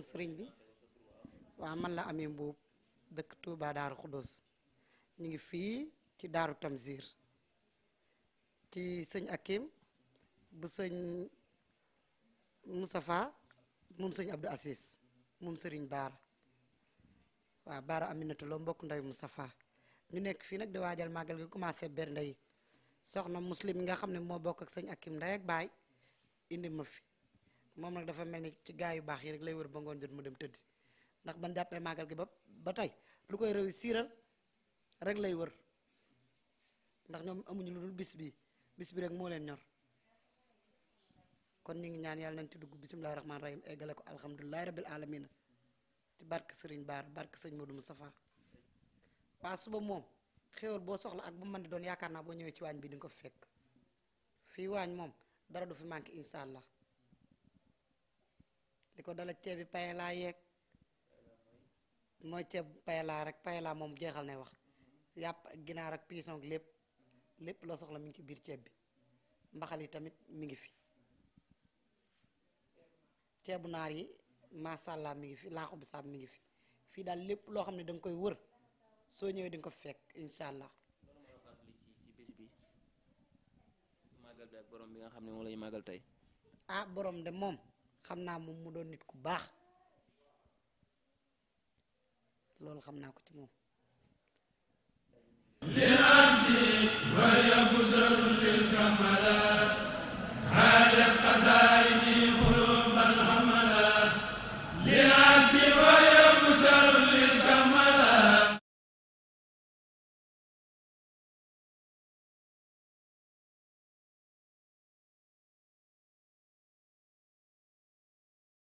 asalaamaaleykum sëriñ bi waa man la amee mbuub dëkk Touba Daaru Xudus ñu ngi fii ci Daaru Tamsir ci sëñ Akim bu sëñ Moustapha moom sëñ Abdou Assis moom sëriñ Baara waaw Baara Aminata loo mbokk ndeyu Moustapha ñu nekk fii nag di waajal màggal gi commencé ber ndey soxna muslim nga xam ne moo bokk ak sëñ Akim ndey ak baay indi ma fi moom nag dafa mel ni ci gaa yu baax yi rek lay wër ba ngoon jot mu dem tëdd ndax ban jàppee màggal gi ba ba tey lu koy réussiral rek lay wër ndax ñoom amuñu lu dul bis bi bis bi rek moo leen ñor kon ñu ngi ñaan yàlla nañ ci dugg bisimilahi rahmaani rahim eggale ko alhamdulilahi rabil alamina ci barke sëriñ Baara barke sëñ Modou Moustapha waa suba moom xéwal boo soxla ak bu mën di doon yaakaar naa boo ñëwee ci waañ bi di ko fekk fii waañ moom dara du fi manqué li ko dala bi ceebi laa yeeg mooy ceeb payelaa rek laa moom jeexal na wax yàpp ginaar ak poisson lépp lépp loo soxla mi ngi ci biir ceeb bi mbaxal yi tamit mi ngi fi ceebu naar yi masàllaa mi ngi fi laaxu bi saab mi ngi fi fii daal lépp loo xam ne da koy wër soo ñëwee di nga ko fekk incha allah màggal bi ak borom bi nga xam ne moom lañu màggal tey ah borom de moom xam naa moom mu doon nit ku baax loolu xam naa ko ci moom